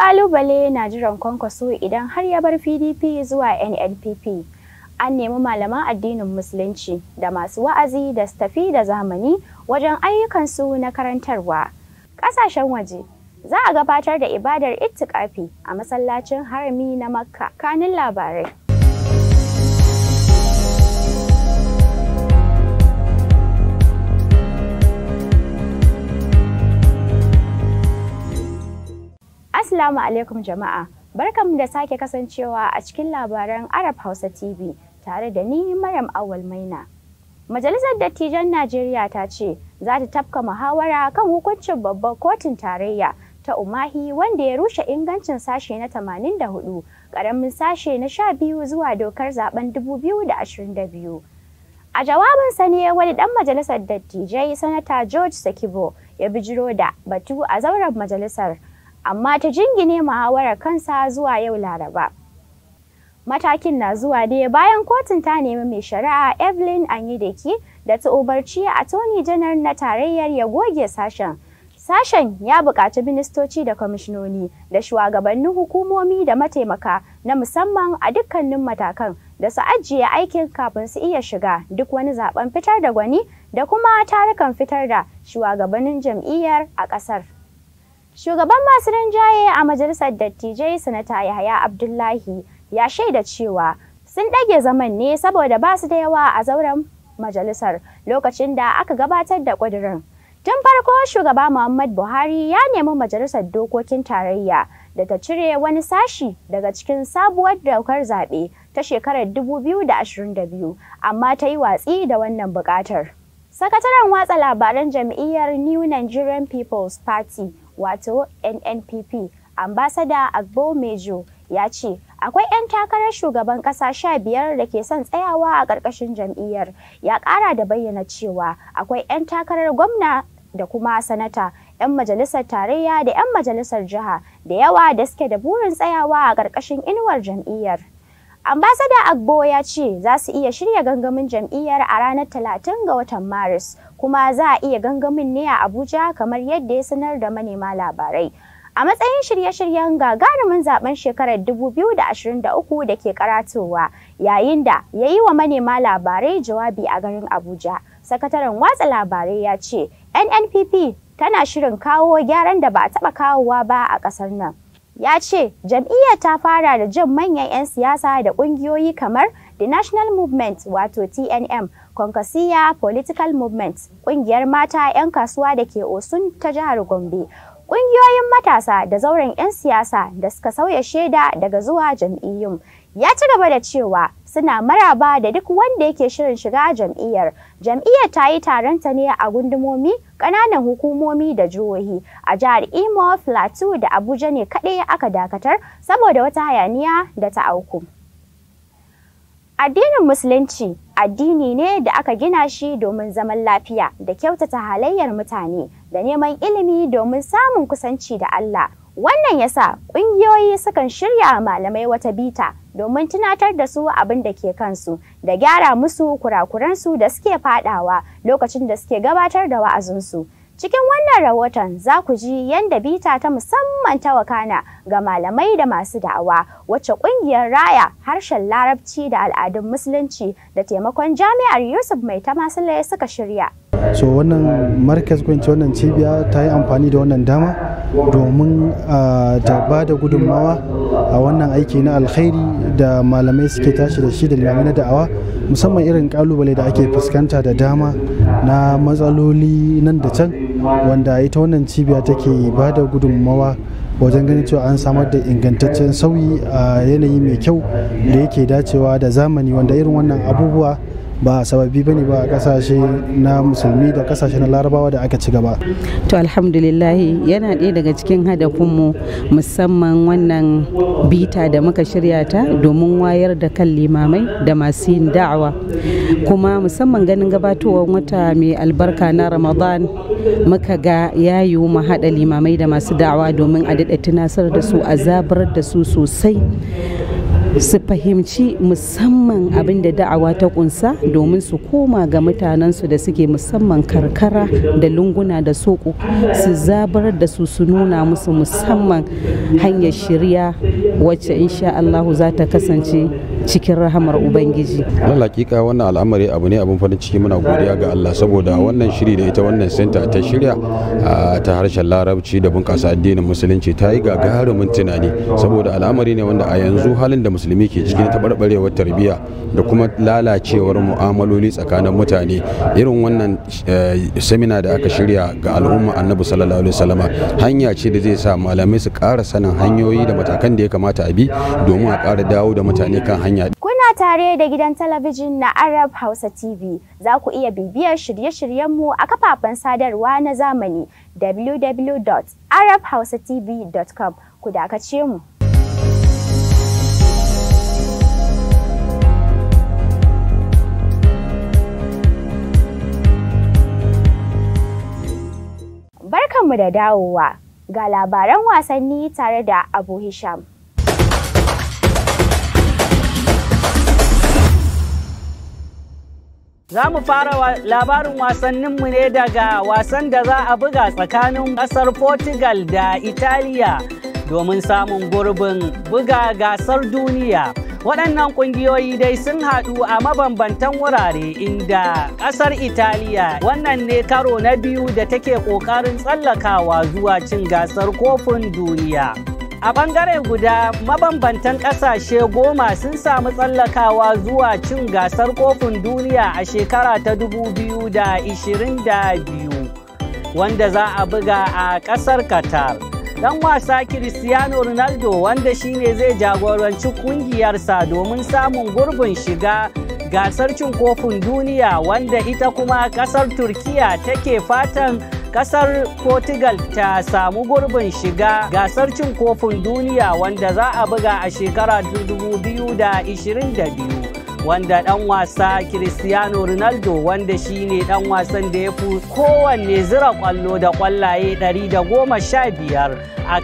Kalubale na jiran kwankwaso idan har ya bar PDP zuwa NLPP. An nemi malaman addinin Musulunci da masu wa'azi da tafi da zamani wajen ayyukansu na karantarwa. Ƙasashen waje za a gabatar da ibadar ittikafi a masallacin harami na Makka. Kanin labarai. Assalamu alaikum jama'a. Barkanmu da sake kasancewa a cikin labaran Arab Hausa TV tare da ni Maryam Awal Maina. Majalisar Dattijan Najeriya ta ce za ta tafka muhawara kan hukuncin babbar kotun tarayya ta Umahi wanda ya rushe ingancin sashe na 84 karamin sashe na 12 zuwa dokar zaben 2022. A jawabin sa ne wani ɗan majalisar dattijai Sanata George Sakibo ya bijiro da batu a zauren majalisar amma ta jingine muhawarar kansa zuwa yau Laraba. Matakin na zuwa ne bayan kotun ta nemi mai shari'a Evelyn Anyideki da ta ubarci a tony General na tarayyar ya goge sashen. Sashen ya bukaci ministoci da kwamishinoni da shugabannin hukumomi da mataimaka na musamman a dukkanin matakan da su ajiye aikin kafin su iya shiga duk wani zaben fitar da gwani da kuma tarukan fitar da shugabannin jam'iyyar a ƙasar. Shugaban masu rinjaye a majalisar dattijai Sanata Yahaya Abdullahi ya shaida cewa sun ɗage zaman ne saboda ba su da yawa a zauren majalisar lokacin da aka gabatar da ƙudurin. Tun farko shugaba Muhammad Buhari ya nemi majalisar dokokin tarayya da ta cire wani sashi daga cikin sabuwar daukar zaɓe ta shekarar 2022 amma ta yi watsi da wannan buƙatar. Sakataren watsa labaran jam'iyyar New Nigerian People's Party wato nnpp ambasada agbo mejo ya ce akwai 'yan takarar shugaban kasa sha biyar da ke son tsayawa a ƙarƙashin jam'iyyar ya ƙara da bayyana cewa akwai 'yan takarar gwamna da kuma sanata 'yan majalisar tarayya da 'yan majalisar jiha da yawa da suke da burin tsayawa a ƙarƙashin inuwar jam'iyyar Ambasada Agbo ya ce za su iya shirya gangamin jam'iyyar a ranar 30 ga watan Maris, kuma za a iya gangamin ne a Abuja kamar yadda ya sanar da manema labarai. A matsayin shirye-shiryen gagarumin zaben shekarar 2023 da ke karatowa, yayin da ya yi wa manema labarai jawabi a garin Abuja. Sakataren watsa labarai ya ce, NNPP tana shirin kawo gyaran da ba a taɓa kawowa ba a ƙasar nan. ya ce jam'iyyar ta fara da jin manyan 'yan siyasa da ƙungiyoyi kamar the national movement wato tnm konkasiya political movement ƙungiyar mata 'yan kasuwa da ke osun ta jihar gombe ƙungiyoyin matasa da zauren 'yan siyasa da suka sauya shaida daga zuwa jam'iyyun Ya ci gaba da cewa suna maraba da duk wanda yake shirin shiga jam'iyyar. Jam'iyyar ta yi taronta ne a gundumomi, ƙananan hukumomi da jihohi. A jihar Imo, Plateau da Abuja ne kaɗai aka dakatar saboda wata hayaniya da ta auku. Addinin Musulunci addini ne da aka gina shi domin zaman lafiya da kyautata halayyar mutane da neman ilimi domin samun kusanci da Allah. Wannan yasa ƙungiyoyi sukan shirya malamai wata bita domin tunatar da su abin da ke kansu da gyara musu kurakuransu da suke fadawa lokacin da suke gabatar da wa'azinsu. Cikin wannan rahoton za ku ji yadda bita ta musamman ta wakana ga malamai da masu da'awa wacce ƙungiyar raya harshen larabci da al'adun musulunci da taimakon jami'ar Yusuf Mai Tamasile suka shirya. so wannan markas kwanci wannan cibiya ta yi amfani da wannan dama domin ah, ta ba da gudunmawa a wannan aiki na alkhairi da malamai suke tashi da shi da limamai na da'awa musamman irin kalubale da ake fuskanta da dama na matsaloli nan da can wanda ita wannan cibiya take ba da gudunmawa wajen ganin cewa an samar da ingantaccen sauyi a yanayi mai kyau da yake dacewa da zamani wanda irin wannan abubuwa ba sababi bane ba a kasashe na musulmi da kasashe na larabawa da aka ci gaba to alhamdulillah yana ɗaya daga cikin hadafinmu musamman wannan bita da muka shirya ta domin wayar da kan limamai da masu yin da'awa kuma musamman ganin gabatowar wata mai albarka na ramadan muka ga ya yiwu mu haɗa limamai da masu da'awa domin a daɗa tunasar da su a zabar da su sosai su fahimci musamman abin da da'awa ta kunsa domin su koma ga mutanensu da suke musamman karkara da lunguna da soko su zabar da su su nuna musu musamman hanyar shirya wacce insha Allahu za ta kasance cikin rahamar ubangiji na hakika wannan al'amari abu ne abin farin ciki muna godiya ga Allah saboda wannan shiri da ita wannan senta ta shirya ta harshen larabci da bunƙasa addinin musulunci ta yi gagarumin tunani saboda al'amari ne wanda a yanzu halin da musulmi ke cikin taɓarɓarewar tarbiyya da kuma lalacewar mu'amaloli tsakanin mutane irin wannan e, semina da aka shirya ga al'umma annabi sallallahu alaihi wasallama hanya ce da zai sa malamai su ƙara sanin hanyoyi da matakan da ya kamata a bi domin a ƙara dawo da mutane kan hanya yaɗu. Kuna tare da gidan talabijin na Arab Hausa TV. Za ku iya bibiyar shirye-shiryenmu a kafafen sadarwa na zamani www.arabhausatv.com ku dakace mu. Barkanmu da dawowa ga labaran wasanni tare da Abu Hisham. Za mu fara labarin wasanninmu ne daga wasan da za a buga tsakanin ƙasar Portugal da Italiya domin samun gurbin buga gasar duniya. Waɗannan ƙungiyoyi dai sun haɗu a mabambantan wurare inda ƙasar Italiya wannan ne karo na biyu da take ƙoƙarin tsallakawa zuwa cin gasar kofin duniya. A bangare guda mabambantan ƙasashe goma sun samu tsallakawa zuwa cin gasar kofin duniya a shekara ta 2022 wanda za a buga a ƙasar Qatar. Dan wasa Cristiano Ronaldo wanda shine zai jagoranci kungiyarsa domin samun gurbin shiga gasar cin kofin duniya wanda ita kuma ƙasar Turkiya take fatan Kasar Portugal ta samu gurbin shiga gasar cin kofin duniya wanda za a buga a shekara 2022. wanda dan wasa Cristiano Ronaldo wanda shine dan wasan da yafi kowanne zira kwallo da kwallaye 115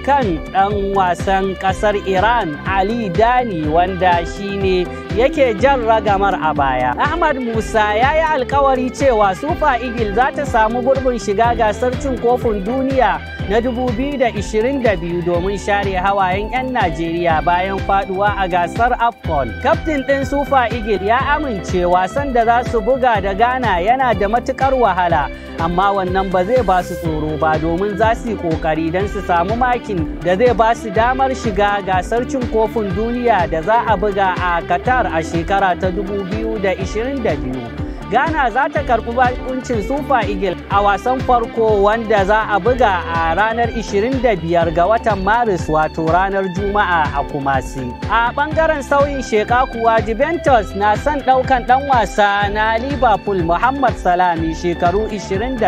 kan dan wasan kasar Iran Ali Dani wanda shine yake jan ragamar a baya. Ahmad Musa ya yi alkawari cewa Super Eagle za ta samu gurbin shiga gasar cin kofin duniya na 2022 domin share hawayen 'yan Najeriya bayan faduwa a gasar AFCON. Kaftin ɗin Super Eagle Maigir ya amince wasan da za su buga da Ghana yana da matukar wahala, amma wannan ba zai ba su tsoro ba domin za su yi kokari don su samu makin da zai ba su damar shiga gasar cin kofin duniya da za a buga a Qatar a shekara ta 2022. ghana za ta karɓi bakuncin super eagle a wasan farko wanda za a buga a ranar 25 ga watan maris wato ranar juma'a a kumasi a ɓangaren sauyin sheka kuwa juventus na son ɗaukan ɗan wasa na liverpool muhammad salami shekaru 29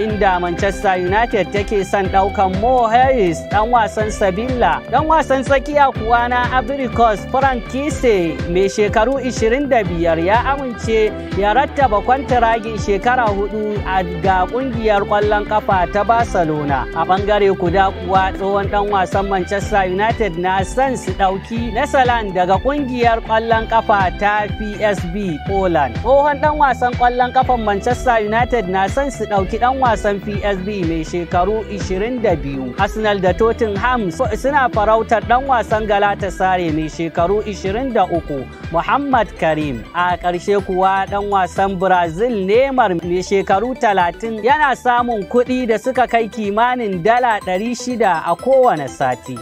inda manchester united take son ɗaukan mo harris ɗan wasan sabilla ɗan wasan tsakiya kuwa na abricos frank kise mai shekaru 25 ya amince ya rattaba tiragi shekara hudu ga kungiyar kwallon kafa ta barcelona a bangare kuda kuwa tsohon dan wasan manchester united na son su dauki nasalan daga kungiyar kwallon kafa ta psb poland tsohon dan wasan kwallon kafan manchester united na son su dauki dan wasan psb mai shekaru 22 arsenal da tottenham suna farautar dan wasan galatasaray mai shekaru 23 muhammad karim a ƙarshe kuwa dan wasan wasan Brazil Neymar mai shekaru 30 yana samun kuɗi da suka kai kimanin dala 600 a kowane sati.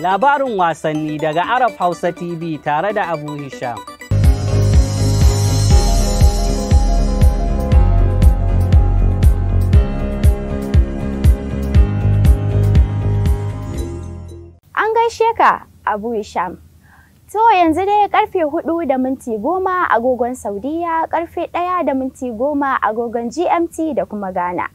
Labarin wasanni daga Arab Hausa TV tare da Abu Hisham. An gaishe ka Abu Hisham. To yanzu dai karfe hudu da minti goma agogon Saudiya, karfe ɗaya da minti goma agogon GMT da kuma Ghana.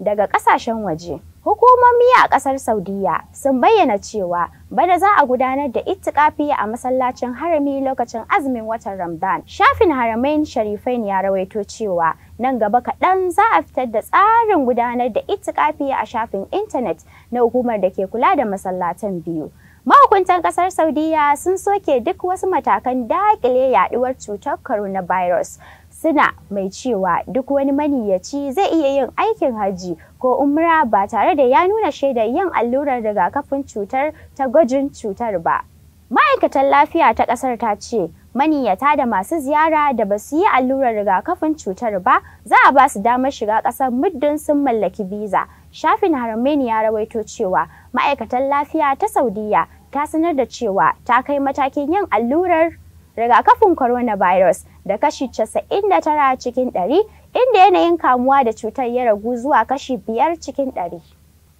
Daga kasashen waje, hukumomi a kasar Saudiya sun bayyana cewa bada za a gudanar da itikafi a masallacin harami lokacin azumin watan Ramadan. Shafin haramain sharifain ya rawaito cewa nan gaba kaɗan za a fitar da tsarin gudanar da itikafi a shafin intanet na hukumar da ke kula da masallatan biyu. Mahukuntan ƙasar Saudiya sun soke duk wasu matakan daƙile yaɗuwar cutar coronavirus. Suna mai cewa duk wani maniyyaci zai iya yin aikin hajji ko umra ba tare da ya nuna shaidar yin allurar rigakafin cutar ta gwajin cutar ba. Ma'aikatan lafiya ta ƙasar ta ce maniyyata da masu ziyara da ba su yi allurar rigakafin cutar ba za a ba su damar shiga ƙasar muddin sun mallaki biza. Shafin Haramaini ya rawaito cewa ma'aikatan lafiya ta Saudiya ta sanar da cewa ta kai matakin yin allurar rigakafin coronavirus da kashi 99 cikin 100 inda yanayin kamuwa da cutar ya ragu zuwa kashi 5 cikin 100.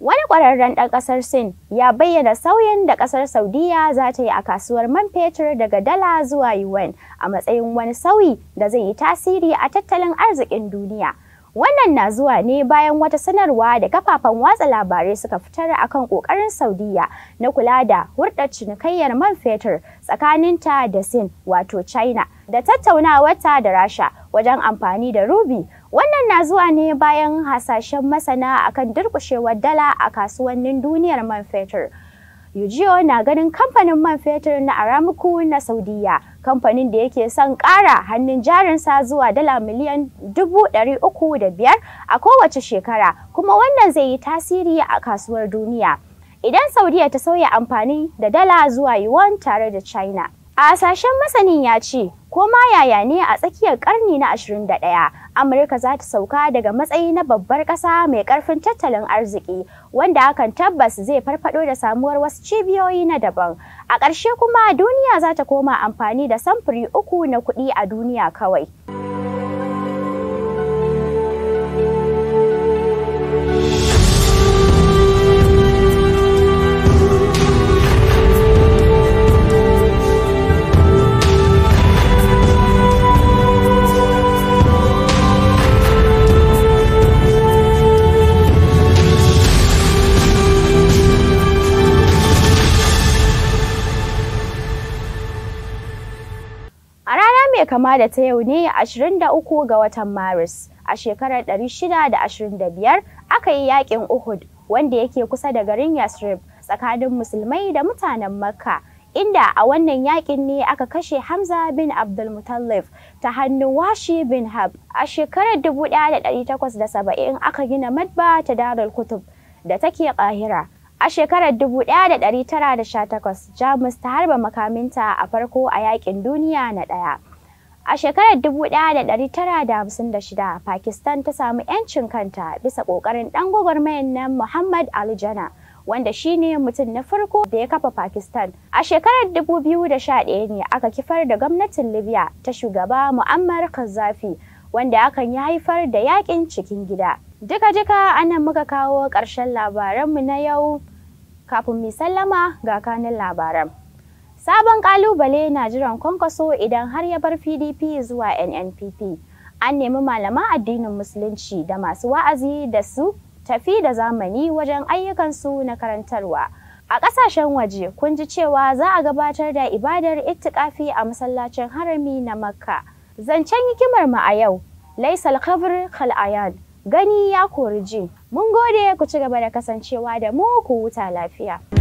Wani kwararren ɗan ƙasar Sin ya bayyana sauyin da ƙasar Saudiya za ta yi a kasuwar man fetur daga dala zuwa yuan a matsayin wani sauyi da zai yi tasiri a tattalin arzikin duniya. Wannan na zuwa ne bayan wata sanarwa da kafafen watsa labarai suka fitar akan kokarin saudiyya na kula da hurɗar cinikayyar man fetur tsakaninta da Sin wato China da ta da Rasha wajen amfani da rubi. Wannan na zuwa ne bayan hasashen masana akan durƙushewar dala a kasuwannin duniyar man fetur. Yujiyo na ganin kamfanin man fetur na Aramco na saudiyya. kamfanin da yake son ƙara hannun jarinsa zuwa dala miliyan dubu ɗari uku da biyar a kowace shekara kuma wannan zai yi tasiri a kasuwar duniya idan saudiya ta sauya amfani da dala zuwa yuan tare da china A hasashen masanin ya ce, ko ma yaya ne a tsakiyar karni na 21, Amurka za ta sauka daga matsayi na babbar ƙasa mai ƙarfin tattalin arziki, wanda hakan tabbas zai farfado da samuwar wasu cibiyoyi na daban. A ƙarshe kuma duniya za ta koma amfani da samfuri uku na kuɗi a duniya kawai. ne kama da ta yau ne 23 ga watan Maris a shekarar 625 aka yi yakin Uhud wanda yake kusa da garin Yasrib tsakanin musulmai da mutanen Makka inda a wannan yakin ne aka kashe Hamza bin Abdulmutallif ta hannun Washi bin Hab. A shekarar 1870 aka gina madba ta Darul Kutub da take Kahira. A shekarar 1918 Jamus ta harba makaminta a farko a yakin duniya na ɗaya. A shekarar 1956 Pakistan ta samu 'yancin kanta bisa ƙoƙarin ɗan gwagwarmayar nan Muhammad Ali Jana wanda shine mutum na farko da ya kafa Pakistan. A shekarar 2011 ne aka kifar da gwamnatin Libya ta shugaba Muammar kazafi wanda hakan ya haifar da yaƙin cikin gida. Duka-duka anan muka kawo ƙarshen labaranmu na yau kafin mu sallama ga kanin labaran. Sabon ƙalubale na jiran kwankwaso idan har ya bar PDP zuwa NNPP. An nemi malaman addinin Musulunci da masu wa'azi da su tafi da zamani wajen ayyukansu na karantarwa. A ƙasashen waje kun ji cewa za a gabatar da ibadar ittikafi a masallacin harami na Makka. Zancen hikimar mu a yau, Laisal Khabr Khalayan, gani ya kori ji. Mun gode ku ci gaba da kasancewa da mu ku huta lafiya.